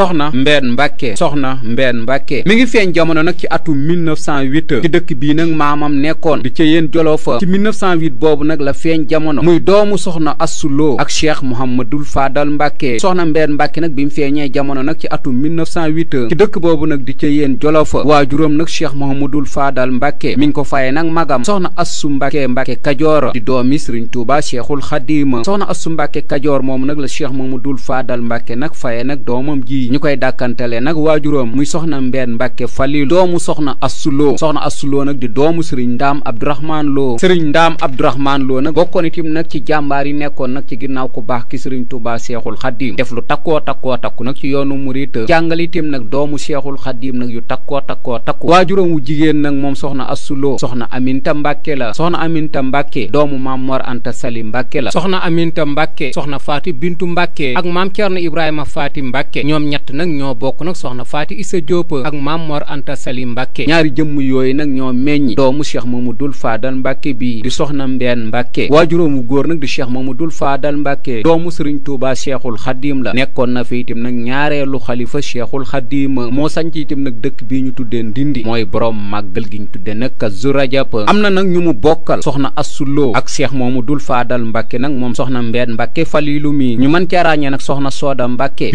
soxna Mbène Mbacke soxna Mbène Mbacke mi ngi feeñ jamono nag ci atum 1908 ci dëkk bii nag maamam nekkoon di ca yéen joloofa ci 1908 boobu nag la feeñ jamono muy doomu soxna Assuloo ak cheikh Mouhamadul Fadal Mbacke soxna Mbène Mbacke nag bi mu feeñee jamono nag ci atum 1908 ci dëkk boobu nag di ca yéen joloofa waajuram nag cheikh Mouhamadul Fadal Mbacke mi ngi ko faye nag magam soxna Assu Mbacke Mbacke Kajoor di doomi Sëriñ Tuuba Cheikhul Xadim soxna Assu Mbacke Kajoor moom nag la cheikh Mouhamadul Fadal Mbacke nag faye nag doomam ji ñu koy dàkkantale nag waajuróom muy soxna Mbeen Mbàkke Falilu doomu soxna Assuloo soxna Assuloo nag di doomu sëriñ Ndaam Abdourahmaan Loo sëriñ Ndaam Abdourahmaan Loo nag bokkoon itam nag ci jàmbaar yi nekkoon nag ci ginnaaw ku baax ki sëriñ Tuubaa Seexul Xaddiim def lu takkoo takkoo takku nag ci yoonu murit jàngal itam nag doomu Seexul Xaddiim nag yu takkoo takkoo takku waajuróom wu jigéen nag moom soxna Assuloo soxna Aminta Mbàkke la soxna Aminta Mbàkke doomu Maam Mor Sali Mbàkke la soxna Aminta Mbàkke soxna Faati Bintu Mbàkke ak Maam Cerno Ibrahima Faati Mbàkke ñett nag ñoo bokk nag soxna Faati Isa Diop ak Maam Mor Anta Sali Mbàkke ñaari jëmm yooyu nag ñoo meññ doomu Cheikh dul Faadal mbakke bi di soxna Mbeen waa waajuróomu góor nag di Cheikh dul Faadal Mbàkke doomu Sëriñ Tuubaa Cheikhul Xadim la nekkoon na fi itam nag ñaareelu xalifa Cheikhul Xadim moo sanc itam nag dëkk bii ñu tuddee Ndindi mooy borom màggal gi ñu tuddee nag Kazu Rajab am na nag ñu mu bokkal soxna Assuloo ak moomu dul Faadal Mbàkke nag moom soxna Mbeen Mbàkke Falilu mi ñu mën nag soxna Sooda Mbàkke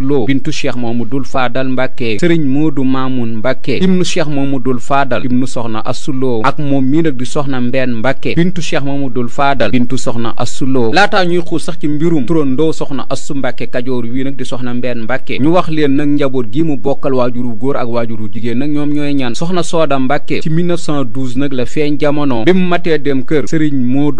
Lo bintu cheikh Mamadul Faadal Mbàkke sëriñ Moodu Maamun Mbàkke ibnu cheikh Mamadul Faadal ibnu soxna Astou Lo ak moom mii nag di soxna Mbeen Mbàkke bintu cheikh Mamadul Faadal bintu soxna Astou Lo laataa ñuy xuus sax ci mbirum turandoo soxna Astou Mbàkke Kajoor wii nag di soxna Mbeen Mbàkke ñu wax leen nag njaboot gi mu bokkal waajuru góor ak waajuru jigéen nag ñoom ñooy ñaan soxna Sooda Mbàkke ci 1912 nag la feeñ jamono bi mu matee dem kër sëriñ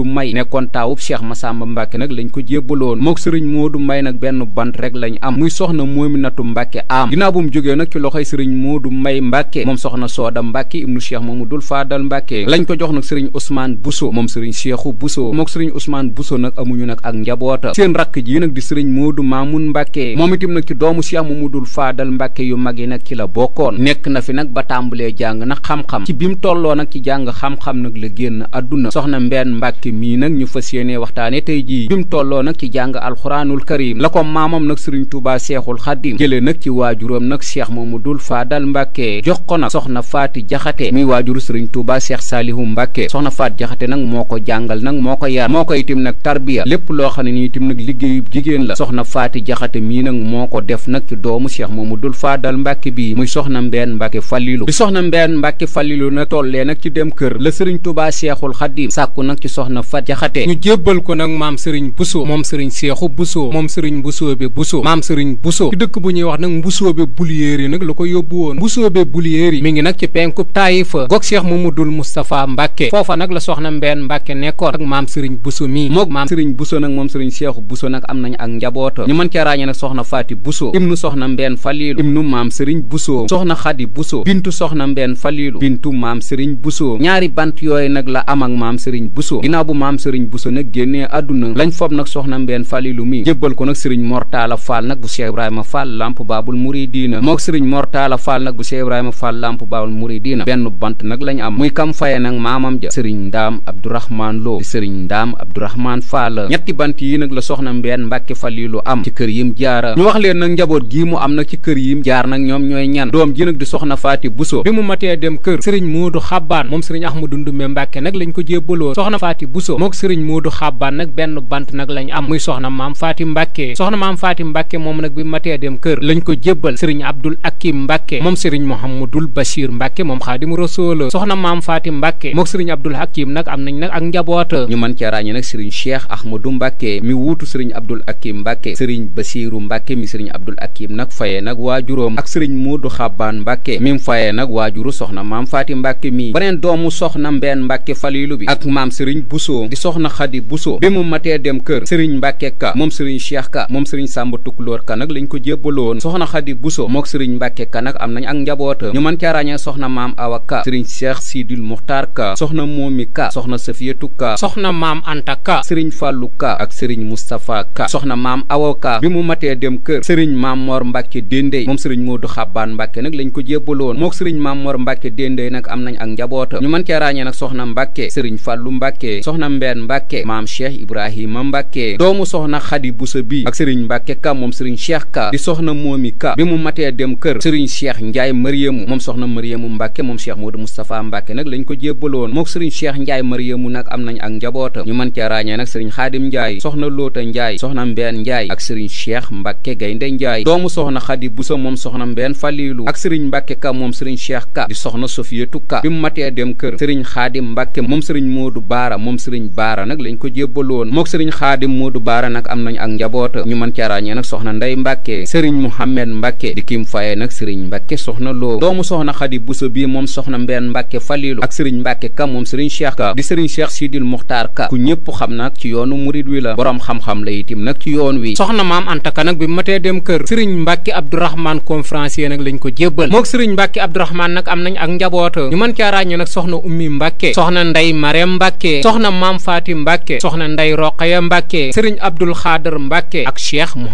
May nekkoon taawub ma Masamba Mbàkke nag lañ ko jébbaloon mook sëriñ moo du May nag benn bant rek lañ am soxna Moominatu Mbàkke am ginnaaw bu mu jógee nag ci loxoy sëriñ Moodu Mbay Mbàkke moom soxna Sooda Mbàkke ibnu Cheikh Mamadul Faadal Mbàkke lañ ko jox nag sëriñ Ousmane Bousso moom sëriñ Cheikhu Bousso mook sëriñ Ousmane Bousso nag amuñu nag ak njaboota seen rakk ji nag di sëriñ Moodu Maamun Mbàkke moom itam nag ci doomu Cheikh dul Faadal Mbàkke yu mag yi nag ci la bokkoon nekk na fi nag ba tàmbalee jàng nag xam-xam ci bi mu tolloo nag ci jàng xam-xam nag la génn àdduna soxna Mbeen Mbàkke mii nag ñu fas yéenee waxtaane tey jii bi mu tolloo nag ci jàng alxuraanul karim la ko maamam nag sëriñ Tuubaa seexul xaddim jëlee nag ci waajuram nag cheikh mamadul faadal mbàkke jox ko nag soxna faati jaxate muy waajuru sëriñ tuuba cheikh saalihu mbàkke soxna faat jaxate nag moo ko jàngal nag moo ko yar moo ko itim nag tarbiya lépp loo xam ne ni itim nag liggéeyu jigéen la soxna faati jaxate mii nag moo ko def nag ci doomu cheikh dul faadal mbàkke bii muy soxna mbenn mbàkke fàllilu bi soxna mbenn mbàkke fàllilu nag tollee nag ci dem kër la sëriñ tuuba seexul xa sàkku nag ci soxna faat jaxate ñu jébbal ko nag maam sëriñ buso moom sëriñ seexu Bousso ci dëkk bu ñuy wax nag Mbusoobe Bulyeer yi nag la ko yóbbu woon Mbusoobe Bulyeer yi mi ngi nag ci penku Taayifa gox Cheikh Mamadul Moustapha Mbacke foofa nag la soxna Mbeen Mbacke nekkoon ak maam Serigne Bousso mii mook maam Serigne Bousso nag moom Serigne Cheikhu Bousso nag am nañ ak njaboota ñu man cee ràññee nag soxna Faati Bousso ibnu soxna Mbeen Falilu ibnu maam Serigne Bousso soxna Xadi Bousso bintu soxna Mbeen Falilu bintu maam Serigne Bousso ñaari bant yooyu nag la am ak maam Serigne Bousso ginnaaw bu maam Serigne Bousso nag génnee àdduna lañ fob nag soxna Mbeen Falilu mi jébbal ko nag Serigne Mortala Fall nag bu Cheikh Ibrahima Fall lamp baabul muridina mook sëriñ Mortala Fall nag bu Cheikh Ibrahima Fall lamp baabul muridina benn bant nag lañ am muy kam faye nag maamam ja sëriñ Ndaam Abdourahman Lo di sëriñ Ndaam Abdourahman Fall ñetti bant yi nag la soxna Mbeen Mbàkke Faliilu am ci kër yim jaara ñu wax leen nag njaboot gii mu am nag ci kër yim jaar nag ñoom ñooy ñan doom ji nag di soxna Faati Buso bi mu matee dem kër sëriñ Moodu Xabbaan moom sëriñ Ahmadu Ndumbe Mbàkke nag lañ ko jébbaloo soxna Faati Buso mook sëriñ Moodu Xabbaan nag benn bant nag lañ am muy soxna maam Faati Mbàkke soxna maam Faati Mbàkke moom nag bi matee dem kër lañ ko jébbal sëriñ Abdul Akim Mbacke moom sëriñ Mouhamadul Bachir Mbacke moom xaadimu rasool soxna maam Faati Mbacke mook sëriñ Abdul Hakim nag am nañ nag ak njaboota ñu mën cee ràññee nag sëriñ Cheikh Ahmadou Mbacke mi wuutu sëriñ Abdul Akim Mbacke sëriñ Basiru Mbacke mi sëriñ Abdul Akim nag fayee nag waajuróom ak sëriñ Moodu Xabbaan Mbacke mi mu fayee nag waajuru soxna maam Faati Mbacke mii beneen doomu soxna Mbeen Mbacke Falilu bi ak maam sëriñ Bousso di soxna Xadi Bousso bi mu matee dem kër sëriñ Mbacke ka moom sëriñ Cheikh ka moom sëriñ Sàmba Tukulóor ka nag lañ ko jébbaloon soxna Xadi Buso mook sëriñ Mbàkke Ka nag am nañ ak njabootam ñu mën ca ràññee soxna maam Awa Ka sëriñ Cheikh Sidil Muxtaar Ka soxna Moomi Ka soxna Safiyatu Ka soxna maam Anta Ka sëriñ Fàllu Ka ak maam Awa Ka bi mu matee dem kër sëriñ maam Mor Mbàkke Déndey moom sëriñ Moodu Xabbaan Mbàkke nag lañ ko jébbaloon mook sëriñ maam Mor Mbàkke Déndey nag nañ ak njabootam ñu mën ca ràññee nag soxna Mbàkke sëriñ Fàllu Mbàkke soxna Mbeen Mbàkke maam Cheikh Ibrahima Mbàkke doomu soxna Xadi Buso bi ak sëriñ Mbàkke Ka moom sëriñ Cheikh Cheikh Ka di soxna Momi Ka bi mu matee dem kër Serigne Cheikh Ndiaye Mariamu moom soxna Mariamu Mbacke moom Cheikh Modou Moustapha Mbacke nag lañ ko jébbaloon mook Serigne Cheikh Ndiaye Mariamu nag am nañ ak njabootam ñu mën cee ràññee nag Serigne Khadim Ndiaye soxna Loota Ndiaye soxna Mbeen Ndiaye ak Serigne Cheikh Mbacke Gaynde Ndiaye doomu soxna Khady Bousso moom soxna Mbeen Falilu ak Serigne Mbacke Ka moom Serigne Cheikh Ka di soxna Sofietou Ka bi mu matee dem kër Serigne Khadim Mbacke moom Serigne Modou Baara moom Serigne Baara nag lañ ko jébbaloon mook Serigne Khadim Modou Baara nag am nañ ak njaboota ñu mën cee nag soxna Ndey Mbacke Serigne Mouhamed Mbacke di kim faye nag Serigne Mbacke soxna loo doomu soxna Xadi Buso bii moom soxna Mbeen Mbacke Falilu ak Serigne Mbacke ka moom Serigne Cheikh ka di Serigne Cheikh Sidil Muxtaar ka ku ñëpp xam nag ci yoonu murid wi la boroom xam-xam la itim nag ci yoon wi soxna maam Anta Ka nag ma matee dem kër Serigne Mbacke Abdourahmane conférencier nag lañ ko jébbal mook Serigne Mbacke Abdourahmane nag am nañ ak njaboota ñu mën caa ràññe soxna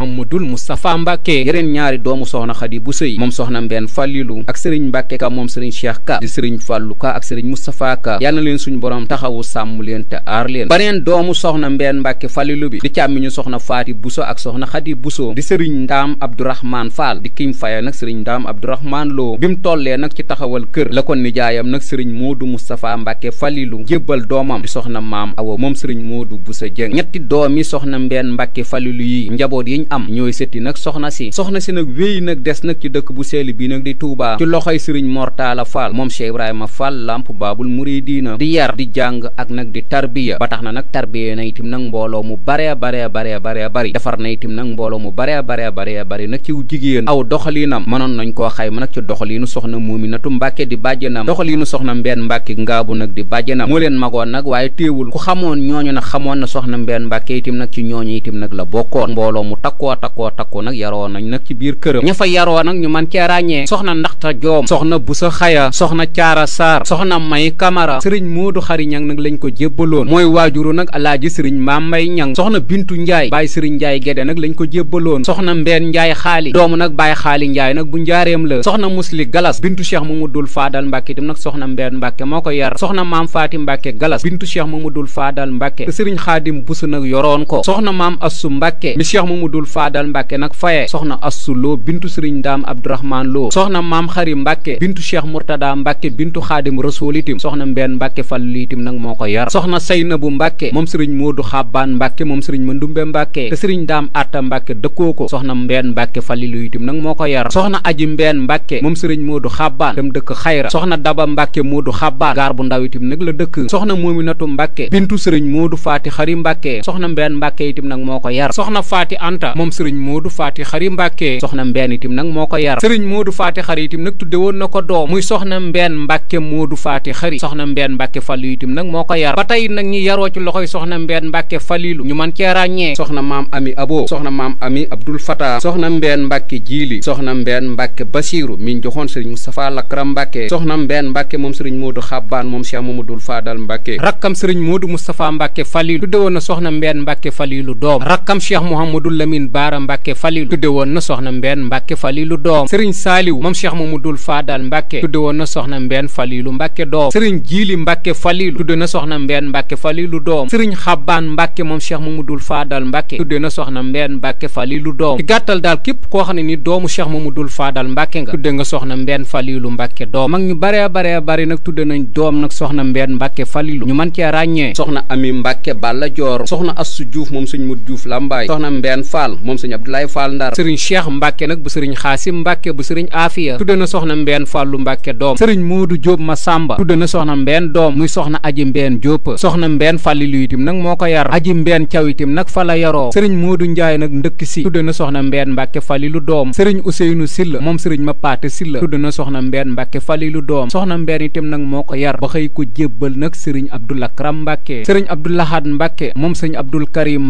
Ummi Moustapha Mbacke ñaari doomu soxna Xadi bu sëy moom soxna Mbène Fallilou ak sëriñ Mbacke ka moom sëriñ Cheikh Ka di sëriñ Fallou Ka ak sëriñ Moustapha Ka yal na leen suñ borom taxawu sàmm leen te aar leen baneen doomu soxna Mbène Mbacke Fallilou bi di càmmiñu soxna Faati Bousso ak soxna Xadi Bousso di sëriñ Ndaam Abdourahmane Fall di kiñ faye nag sëriñ Ndaam Abdourahmane loo bi mu tollee nag ci taxawal kër la ko nijaayam nag sëriñ Moodu Moustapha Mbacke Fallilou jébbal doomam di soxna maam awa moom sëriñ Moodu Bousso Dieng ñetti doomi soxna Mbène Mbacke Fallilou yi njaboot yiñ am ñooy soxna si soxna si nag wéy nag des nag ci dëkk bu sell bi nag di Touba ci loxoy sëriñ Mortala Fall moom Cheikh Ibrahima Fall lamp baabul muridiina di yar di jàng ak nag di tarbiya ba tax na nag tarbiya na itim nag mbooloo mu baree baree baree baree bari defar na itim nag mbooloo mu baree baree baree bari nag ci jigéen aw doxalinam mënoon nañ koo xayma nag ci doxalinu soxna natu Mbàkke di bàjj bàjjanam doxalinu soxna Mbeen Mbàkke ngaabu nag di na moo leen magoon nag waaye téewul ku xamoon ñooñu na xamoon na soxna Mbeen Mbàkke itim nag ci ñooñu itim nag la bokkoon mbooloo mu takkoo takkoo takkoo nag yaroo nañ nag ci biir këram ña fa yaroo nag ñu man cee ràññee soxna ndaxta joom soxna busa xaya soxna caara saar soxna may kamara sëriñ moodu xari ñang nag lañ ko jébbaloon mooy waajuru nag alaaji sëriñ maam may ñang soxna bintu njaay baay sëriñ njaay gede nag lañ ko jébbaloon soxna mbeen njaay xaali doomu nag baay xaali njaay nag bu njaareem la soxna musli galas bintu seex cheikh mamadul faadal mbàkke itam nag soxna mbeen mbàkke moo ko yar soxna maam faati mbàkke galas bintu cheikh mamadul faadal mbàkke te sëriñ xaadim busa nag yoroon ko soxna maam assu mbàkke mi cheikh mamadul faadal mbàkke nag ak faye soxna assu loo bintu sëriñ ndaam abdourahman loo soxna maam xari mbàkke bintu cheikh mourtada mbàkke bintu xaadim rasool itim soxna mbenn mbàkke fallu itim nag moo ko yar soxna saynabu mbàkke moom sëriñ moodu xabbaan mbàkke moom sëriñ mandumbe mbàkke te sëriñ ndaam atta mbàkke dëkkoo ko soxna mbenn mbàkke fallilu moo ko yar soxna aji mbenn mbàkke moom sëriñ moodu xabbaan dem dëkk xayra soxna daba mbàkke moodu xabbaan gaar bu ndaw itim nag la dëkk soxna moominatu mbàkke bintu sëriñ moodu faati xari mbàkke soxna mbenn mbàkke itim nag moo ko yar soxna faati anta moom sëriñ moodu faati faati xari mbàkke soxna mbeen itim nag moo ko yar sëriñ moodu faati xari itim nag tudde woon na ko doom muy soxna mbeen mbàkke moodu faati xari soxna mbeen mbàkke fàllu itim nag moo ko yar ba tey nag ñi yaroo ci loxoy soxna mbeen mbàkke fàlilu ñu mën cee ràññee soxna maam ami abo soxna maam ami abdul fata soxna mbeen mbàkke jiili soxna mbeen mbàkke basiiru min joxoon sëriñ moustapha lakram mbàkke soxna mbeen mbàkke moom sëriñ moodu xabbaan moom cheikh mamadul faadal mbàkke rakkam sëriñ moodu moustapha mbàkke fàlilu tudde woon na soxna mbeen mbàkke fàlilu doom rakkam cheikh mouhamadul lamin baara mbàkke fàlilu Falilu tudde woon na soxna Mbeen Mbàkke Falilu doom sëriñ Saaliw moom Cheikh Mamadul Faadal Mbàkke tudde woon na soxna Mbeen Falilu Mbàkke doom sëriñ Jiili Mbàkke Falilu tudde na soxna Mbeen Mbàkke Falilu doom sëriñ Xabbaan Mbàkke moom Cheikh Mamadul Faadal Mbàkke tudde na soxna Mbeen Mbàkke Falilu doom ci gàttal daal képp koo xam ne ni doomu Cheikh Mamadul Faadal Mbàkke nga tudde nga soxna Mbeen Falilu Mbàkke doom mag ñu bare bare bare nag tudde nañ doom nag soxna Mbeen Mbàkke Falilu ñu mën cee ràññee soxna Ami Mbàkke Balla Joor soxna Assu Juuf moom sëñ Mut Juuf Lambaay soxna Mbeen Faal moom sëñ Abdoulaye Faal Fall Ndar sëriñ Cheikh Mbacke nag bu sëriñ Xaasim Mbacke bu sëriñ Afia tudde na soxna Mbeen Fallu Mbacke doom sëriñ Moodu Jóob Masamba tudde na soxna Mbeen doom muy soxna Aji Mbeen Jóob soxna Mbeen Falilu itam nag moo ko yar Aji Mbeen Caw itam nag fa la yaroo sëriñ Moodu Njaay nag ndëkk si tudde na soxna Mbeen Mbacke Falilu doom sëriñ Useynu Silla moom sëriñ Mapaate Silla tudde na soxna Mbeen Mbacke Falilu doom soxna Mbeen itam nag moo ko yar ba xëy ko jébbal nag sëriñ Abdul Akram Mbacke sëriñ Abdul Ahad Mbacke moom sëriñ Abdul Karim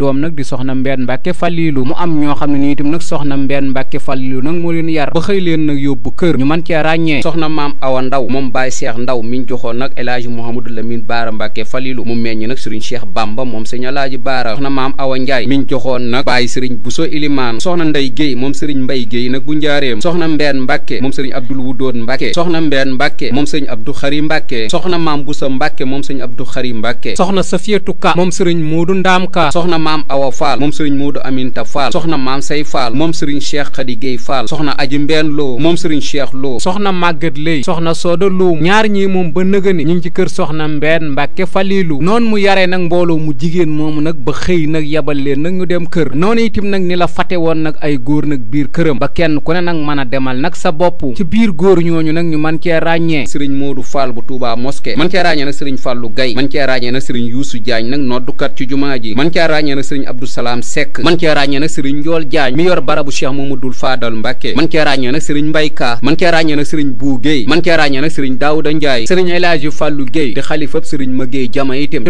doom nag di soxna Mbeen Mbàkke Fàllilu mu am ñoo xam ne nii itam nag soxna Mbeen Mbàkke Fàllilu nag moo leen yar ba xëy leen nag yóbbu kër ñu mën cee ràññee soxna maam Awa Ndaw moom Baay Seex Ndaw mi ñu joxoon nag El Hadji Mouhamadou Lamine Baara Mbàkke Fàllilu mu meññ nag Sëriñ Cheikh Bamba moom Sëriñ El Hadji Baara soxna maam Awa Njaay mi ñu joxoon nag Baay Sëriñ Buso Ilimaan soxna Ndey Géey moom Sëriñ Mbay Géey nag bu njaareem soxna Mbeen Mbàkke moom Sëriñ Abdul Wudoon Mbàkke soxna Mbeen Mbàkke moom Sëriñ Abdu Xari maam Busa Mbàkke moom moom Sëriñ Moodu Ndaam Ka maam awa faal moom sëriñ Moodu Aminta faal soxna maam say faal moom sëriñ cheikh Khady Guèye faal soxna aji mbeen loo moom sëriñ cheikh loo soxna màggat lay soxna sooda loo ñaar ñii moom ba nëgëni ñu ngi ci kër soxna mbeen mbàkke falilu noonu mu yaree nag mbooloo mu jigéen moomu nag ba xëy nag yabal leen nag ñu dem kër noonu itam nag ni la fate woon nag ay góor nag biir këram ba kenn ku ne nag mën a demal nag sa bopp ci biir góor ñooñu nag ñu man cee ràññee sëriñ Moodu faal bu Touba mosquée man cee ràññee nag sëriñ Fallou Gaye man cee sëriñ ràññee ràññee nag sëriñ Ma Géey Jama itam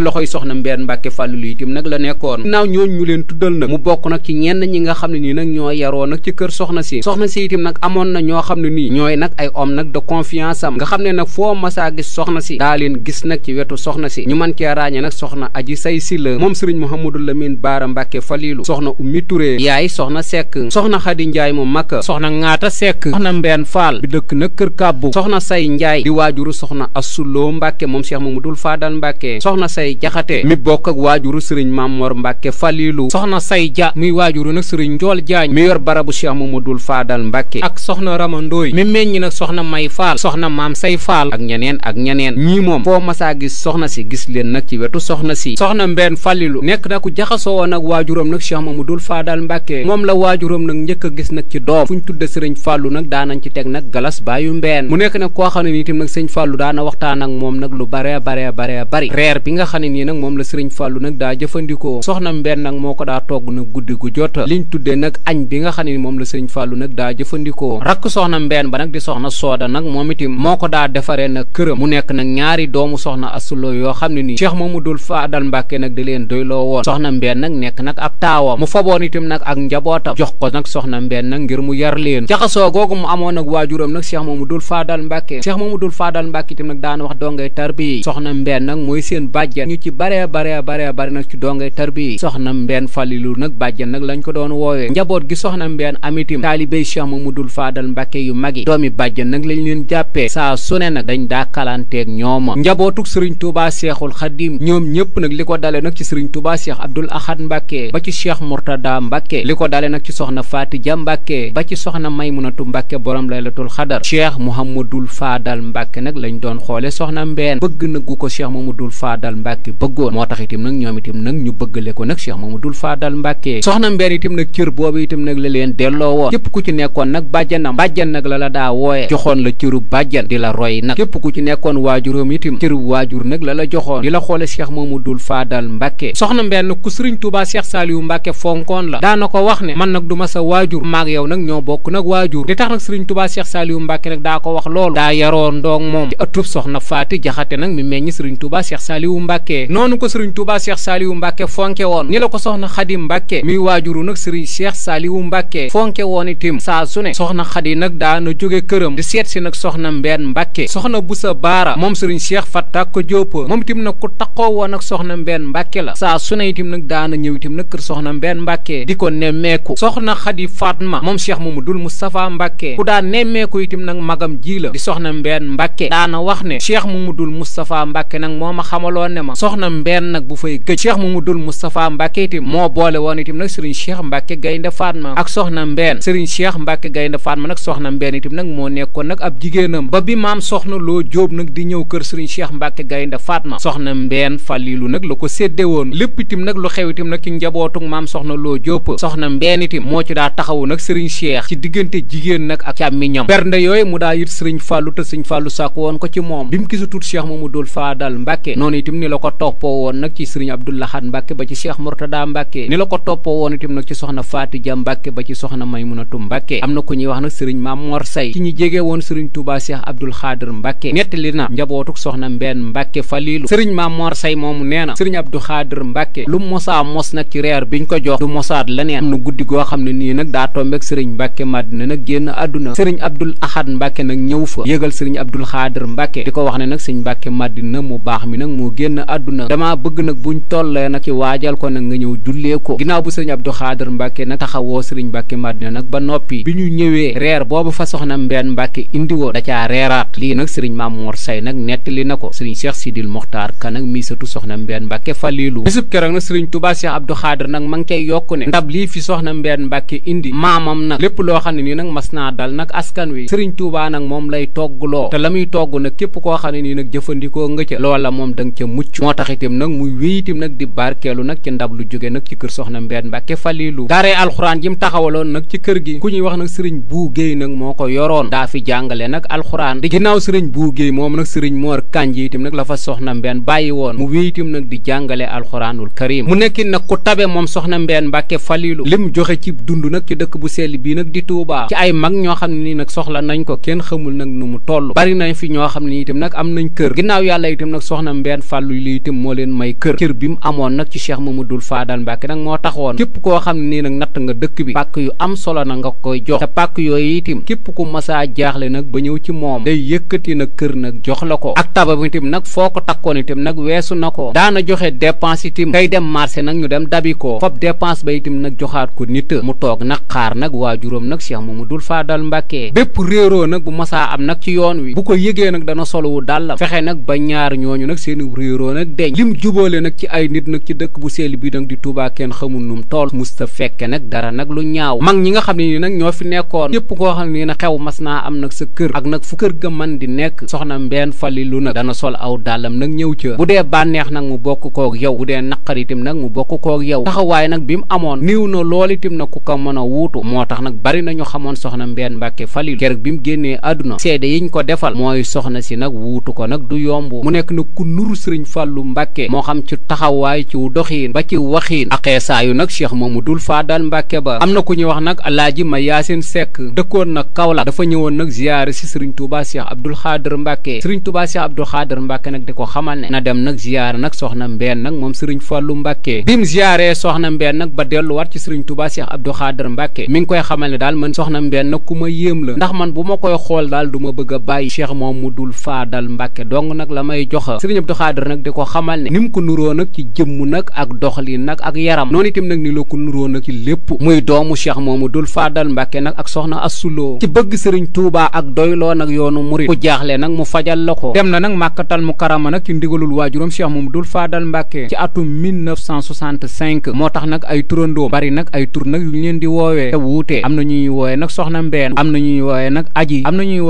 la nekkoon naaw ñooñu ñu leen tuddal nag mu bokk nag ci ñenn ñi nga xam ne nii nag ñoo yaroo nag ci kër soxna si soxna si itam nag amoon na ñoo xam ne nii ñooy nag ay homme nag de confiance nga xam ne nag foo masaa gis soxna si daa leen gis nag ci wetu soxna si ñu mën cee ràññee nag soxna aji say si la moom sëriñ Mouhamadou Lamine Lamine Baara Mbacke Falilu soxna Ummi Touré yaay soxna Seck soxna Xadi Njaay mu makka soxna Ngaata Seck soxna Mbeen Faal dëkk na Kër Kàbbu soxna Say Njaay di waajuru soxna Assuloo Mbacke moom Cheikh Mamadul Faadal Mbacke soxna Say Jaxate mi bokk ak waajuru sëriñ Mamor Mbacke Falilu soxna Say Ja muy waajuru nag sëriñ Njool Jaañ mi yor barabu Cheikh dul Faadal Mbacke ak soxna Rama Ndooy mi meññi nag soxna May Faal soxna Maam Say Faal ak ñeneen ak ñeneen ñii moom foo masaa gis soxna si gis leen nag ci wetu soxna si soxna Mbeen Falilu nekk na ku jaxas jaxasoo nag ak waajuram nag Cheikh Mamadul Faadal Mbàkke moom la waajuram nag njëkk a gis nag ci doom fu ñu tudde sëriñ fàllu nag daanañ ci teg nag galas bàyyu mbeen mu nekk nag koo xam ne nii itam nag sëriñ fàllu daana waxtaan moom nag lu bare bare bare bari reer bi nga xam ne nii nag moom la sëriñ fàllu nag daa jëfandikoo soxna mbeen nag moo ko daa togg nag guddi gu jot liñ tudde nag añ bi nga xam ne ni moom la sëriñ fàllu nag daa jëfandikoo rakk soxna mbeen ba nag di soxna sooda nag moom itam moo ko daa defaree nag këram mu nekk nag ñaari doomu soxna asuloo yoo xam ne nii Cheikh Mamadul Faadal Mbàkke nag di leen doyloo woon soxna mbeen mbenn nag nekk nag ab taawam mu faboon itam nag ak njabootam jox ko nag soxna mbenn nag ngir mu yar leen jaxasoo googu mu amoon nag waajuram nag Cheikh Mamadul Faadal Mbàkke Cheikh Mamadul Faadal Mbàkke itam nag daana wax dongay tarbi soxna mbenn nag mooy seen bàjjen ñu ci baree baree baree bare nag ci dongay tarbi soxna mbenn falilu nag bàjjen nag lañ ko doon woowee njaboot gi soxna mbenn amitim taalibey mu Mamadul Faadal Mbàkke yu mag yi doomi bàjjen nag lañ leen jàppee saa su ne nag dañ daa kalanteeg ñooma njabootug Sëriñ Tuubaa Seexul Xadiim ñoom ñëpp nag li ko dale nag ci Sëriñ Ahad Mbacke ba ci Cheikh Mourtada Mbacke li ko dale nag ci soxna Fatija Mbacke ba ci soxna Maymunatu Mbacke borom laylatul xadar Cheikh Mouhamadul Fadal Mbacke nag lañu doon xoole soxna Mbeen bëgg na gu ko Cheikh Mouhamadul Fadal Mbacke bëggoon moo tax itam nag ñoom itam nag ñu bëggale ko nag Cheikh Mouhamadul Fadal Mbacke soxna Mbeen itam nag cër boobu itam nag la leen delloo woon képp ku ci nekkoon nag bàjjana bàjjan nag la la daa wooye joxoon la bàjjan di la roy nag képp ku ci nekkoon waajuram itam cëru waajur nag la la joxoon di la xoole Cheikh Mouhamadul Fadal Mbacke sëriñ Touba Cheikh Saliou Mbacke fonkoon la daana ko wax ne man nag du ma sa waajur maag yow nag ñoo bokk nag waajur di tax nag sëriñ Touba Cheikh Saliou Mbacke nag daa ko wax loolu daa yaroo ndoog moom ci ëttub soxna faati jaxate nag mi meññi sëriñ Touba Cheikh Saliou Mbacke noonu ko sëriñ Touba Cheikh Saliou Mbacke fonke woon ni la ko soxna Xadi Mbacke miy waajuru nag sëriñ Cheikh Saliou Mbacke fonke woon itim saa su ne soxna Xadi nag daana jóge këram di seet si nag soxna Mbeen Mbacke soxna Busa Baara moom sëriñ Cheikh Fatak ko Jóob moom itim nag ku taqoo woon nag soxna Mbeen Mbacke la saa su ne itim nag daana ñëw itam nag kër soxna Mbène Mbàkke di ko nemmeeku soxna Xadi Fatma moom Cheikh Mamadul Moustapha Mbàkke ku daa nemmeeku itam nag magam ji la di soxna Mbàkke daana wax ne mu Cheikh Mamadul Moustapha mbakke nag moo ma xamaloon ne ma soxna mbenn nag bu fay gëj mu dul Moustapha Mbàkke itam moo boole woon itam nag Serigne Cheikh Mbàkke Gaynde Fatma ak soxna Mbène Serigne Cheikh Mbàkke Gaynde ma nag soxna Mbène itam nag moo nekkoon nag ab jigéenam ba bi maam soxna loo jóob nag di ñëw kër Serigne Cheikh Mbàkke Gaynde faat Fatma soxna Mbène Falilu nag la ko sédde woon lépp itam nag lu xew itam nag ci njabootug maam soxna loo Jóob soxna mbeen itam moo ci daa taxawu nag sëriñ Cheikh ci diggante jigéen nag ak càmmiñam bernde yooyu mu daa yit sëriñ Fàllu sëriñ Fàllu sàkk woon ko ci moom bi mu gisatut Cheikh Mamadul Faadal Mbàkke noonu itam ni la ko toppoo woon nag ci sëriñ Abdou Lahad Mbàkke ba ci Cheikh Mourtada Mbàkke ni la ko toppoo woon itam nag ci soxna Faatija Mbàkke ba ci soxna Maymunatu Mbàkke am na ko ñuy wax nag sëriñ Maam Mor Say ci ñu woon sëriñ Touba Cheikh Abdoul Xaadir Mbàkke nettali na njabootuk soxna Mbeen Mbàkke Falilu na sëriñ Abdou Xaadir Mbàkke mosaa mos nag ci reer biñ ko jox du mosaat leneen guddi goo xam ne nii nag daa tombeek sëriñ Mbàkke Madina nag génn àdduna sëriñ Abdul Ahad Mbàkke nag ñëw fa yëgal sëriñ Abdul Xaadir Mbàkke di ko wax ne nag sëriñ Mbàkke Madina mu baax mi nag moo génn àdduna damaa bëgg nag buñ tollee nag ci waajal ko nag nga ñëw jullee ko ginnaaw bu sëriñ Abdul Xaadir Mbàkke nag taxawoo sëriñ Mbàkke Madina nag ba noppi bi ñu ñëwee reer boobu fa soxna Mbeen Mbàkke indi woo da ca reeraat lii nag sëriñ Maam Mor Say nag nettali na ko sëriñ Cheikh Sidil Moxtaar Kan nag mii sëtu soxna Mbeen Mbàkke Faliilu Tuubaa Cheikh Abdou Khadre nag ma ngi cay yokku ne ndab lii fi soxna Mbeen Mbàkke indi maamam nag lépp loo xam ne nii nag mas naa dal nag askan wi sëriñ Tuubaa nag moom lay toggloo te la muy togg nag képp koo xam ne nii nag jëfandikoo nga ca loola moom dang nga ca mucc moo tax itam nag muy wéy nag di barkeelu nag ci ndab lu jóge nag ci kër soxna Mbeen Mbàkke Faliilu daaree alxuraan ji taxawaloon nag ci kër gi ku ñuy wax nag sëriñ Buu Géey nag moo ko yoroon daa fi jàngale nag alxuraan di ginnaaw sëriñ Buu moom nag sëriñ Moor Kànji nag la fa soxna Mbeen bàyyi woon mu wéy nag di jàngale alxuraanul karim nekkin nag ku tabe moom soxna Mbeen Mbàkke Falilu lim joxe ci dund nag ci dëkk bu sell bii nag di Tuubaa ci ay mag ñoo xam ne nii nag soxla nañ ko kenn xamul nag nu mu tollu bari nañ fi ñoo xam ne nii itam nag am nañ kër ginnaaw yàlla itam nag soxna Mbeen Falilu itam moo leen may kër kër bi mu amoon nag ci Cheikh dul Faadal Mbàkke nag moo taxoon képp koo xam ne nii nag natt nga dëkk bi pàkk yu am solo na nga koy jox te pàkk yooyu itam képp ku masaa jaaxle nag ba ñëw ci moom day yëkkati nag kër nag jox la ko ak tabam nag foo ko takkoon itam nag weesu na commencé nag ñu dem dabi ko fab dépense ba itam nag joxaat ko nit mu toog nag xaar nag waajuram nag Cheikh Mamadou Fadal Mbacké bépp réeroo nag bu masaa am nag ci yoon wi bu ko yëgee nag dana solowu dàllam fexe nag ba ñaar ñooñu nag seen réeroo nag deñ lim nag ci ay nit nag ci dëkk bu seel bi nag di tuubaa kenn xamul num tool mu sa fekke nag dara nag lu ñaaw mag ñi nga xam ne nii nag ñoo fi nekkoon yépp koo xam ne na xew mas naa am nag sa kër ak nag fu kër ga man di nekk soxna mbenn fali lu nag dana sol aw dàllam nag ñëw ca bu dee bànneex bokk koog yow taxawaay nag bi mu amoon niiw na lool itam na ku ko mën a wuutu moo tax nag bari nañu xamoon soxna Mbeen Mbàkke Falilu keroog bi mu génnee àdduna seede yiñ ko defal mooy soxna si nag wuutu ko nag du yomb mu nekk nag ku nuru sëriñ fallu Mbàkke moo xam ci taxawaay ci doxiin ba ci waxiin aqee saayu nag Cheikh Mamadul Faadal Mbàkke ba am na ku ñuy wax nag alaaji ma yaasin sekk dëkkoon nag Kaolack dafa ñëwoon nag ziyaare si sëriñ Touba Cheikh Abdoul Xaadir Mbàkke sëriñ Touba Cheikh Abdoul Xaadir nag di ko xamal ne na dem nag nag soxna Mbeen Mbacke bi mu ziyaaree soxna mbenn nag ba delluwaat ci sëriñ Touba Cheikh Abdou Khader Mbacke mi ngi koy xamal ne daal man soxna mbenn nag ku ma yéem la ndax man bu ma koy xool daal du ma bëgg bàyyi Cheikh moom mu dul faadal Mbacke dong nag la may jox sëriñ Abdou Khader nag di ko xamal ne ni mu ko nuroo nag ci jëmm nag ak doxalin nag ak yaram noonu itam nag ni la ko nuroo nag ci lépp muy doomu Cheikh moomu dul faadal Mbacke nag ak soxna assuloo ci bëgg sëriñ Touba ak doyloo nag yoonu murit ku jaaxle nag mu fajal la ko dem na nag màkkatal mu karama nag ci ndigalul waajuram Cheikh moom dul faadal Mbacke ci atum 19 soixante moo tax nag ay turandoo bari nag ay tur nag yu ñu leen di woowee te wuutee am na ñuy woowee nag soxna mbeen am na ñuy woowee nag aji am na ñuy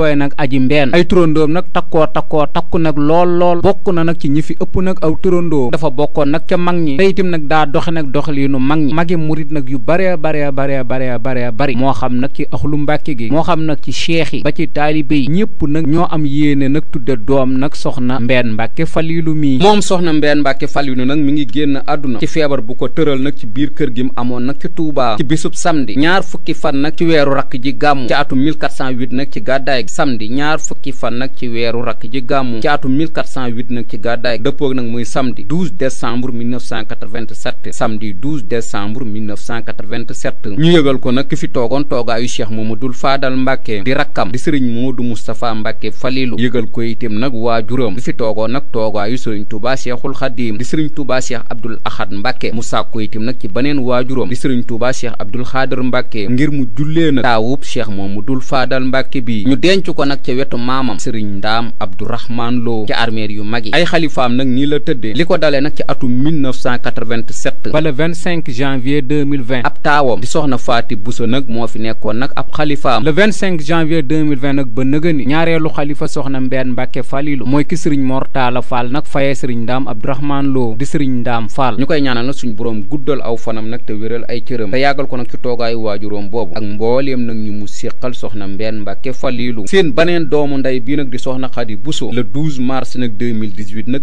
lool bokk na nag ci ñi fi ëpp nag aw turandoo dafa bokkoon nag ñi te itam nag daa doxe nag doxaliinu mag ñi magi murit nag yu bare bare bare bare bare bari moo xam nag ci axlu mbàkke gi moo xam nag ci cheikh yi ba ci taalibe yi ñëpp nag ñoo am yéene nag tudde doom nag soxna mbeen mbàkke falilu mii moom soxna mbeen mbàkke falilu nag mi ngi génn àdduna ci feebar bu ko tëral nag ci biir kër gi mu amoon nag ci Touba ci bisub samedi ñaar fukki fan nag ci weeru rakk ji gàmmu ci atum 1408 nag ci gàddaay samedi ñaar fukki fan nag ci weeru rakk ji gàmmu ci atum 1408 nag ci gàddaay dëppoog nag muy samedi 12 décembre 1987 samedi 12 décembre 1987 ñu yëgal ko nag ki fi toogoon toogaayu Cheikh Mamadou Fadal Mbacke di rakkam di sëriñ Modou Moustapha Mbacke Falilou yëgal ko itam nag waa waajuram di fi toogoon nag toogaayu sëriñ Touba Cheikhul Khadim di sëriñ Touba Cheikh Abdoul Ahad Abdoulahat Mbacke mu sàkku itam nag ci beneen waajuram di sëriñ Touba Cheikh Abdoul Xaadir Mbacke ngir mu jullee nag taawub mu dul Faadal Mbacke bii ñu denc ko nag ci wetu maamam sëriñ Ndaam Abdourahman loo ci armeer yu mag yi ay xalifaam nag nii la tëddee li ko dalee nag ci atum 1987 ba le 25 janvier 2020 ab taawam di soxna bu Bousso nag moo fi nekkoon nag ab xalifaam le 25 janvier 2020 nag ba nëgëni ñaareelu xalifa soxna Mbeen Mbacke Falilu mooy ki sëriñ Mor Talla Fall nag fayee sëriñ Ndaam Abdourahman Lo di sëriñ Ndaam Fall ñu koy ñaanal na suñ borom guddal aw fanam nag te wéral ay cëram te yàggal ko nag ci toogaayu waajuróom boobu ak mbooleem nag ñu mu séqal soxna Mbène Mbàkke Faliilu seen baneen doomu ndey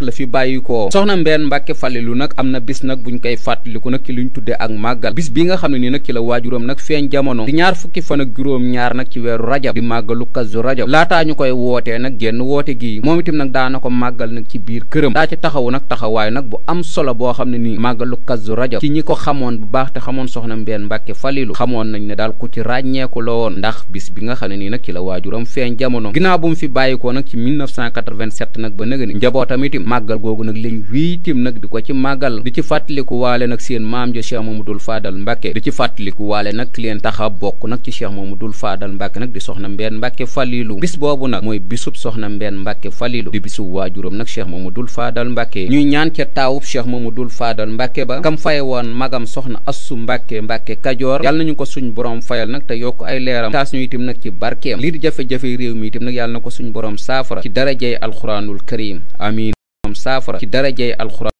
la fi bàyyi ko soxna Mbène Mbàkke Faliilu nag am na bis nag buñ koy fàttaliku nag ci luñ tuddee ak màggal bis bi nga xam ne nii nag ci la waajuróom nag feeñ jamono di ñaar fukki fan ak juróom ñaar nag ci weeru rajab di màggalu kazu rajab laataa ñu koy wootee nag génn woote gii moom itam nag daana ko màggal nag ci biir këram daa ci taxaw nag taxawaay nag bu am solo boo xam ne nii màggalu kazu rajab ci ñi ko xamoon bu baax te xamoon soxna Mbeen Mbàkke Falilu xamoon nañ ne daal ku ci ràññeeku la woon ndax bis bi nga xam ne nii nag ci la waajuram feeñ jamono ginnaaw bu mu fi bàyyikoo nag ci nag ba nëgëni njabootam itim màggal googu nag liñ wiitim nag di ko ci màggal di ci fàttaliku waale nag seen maam ja Cheikh Mamadul Faadal Mbàkke di ci fàttaliku waale nag leen taxa bokk nag ci Cheikh Mamadul Faadal Mbàkke nag di soxna Mbeen Mbàkke Falilu mbàkke ba kam faye woon magam soxna assu mbàkke mbàkke kajoor yàlla nañu ko suñ borom fayal nag te yokk ay leeram taas ñu itam nag ci barkeem lii di jafe-jafe réew mi itam nag yàlla na ko suñ boroom saafara ci darajey alxuraanul karim amin saafara ci darajey alxuraan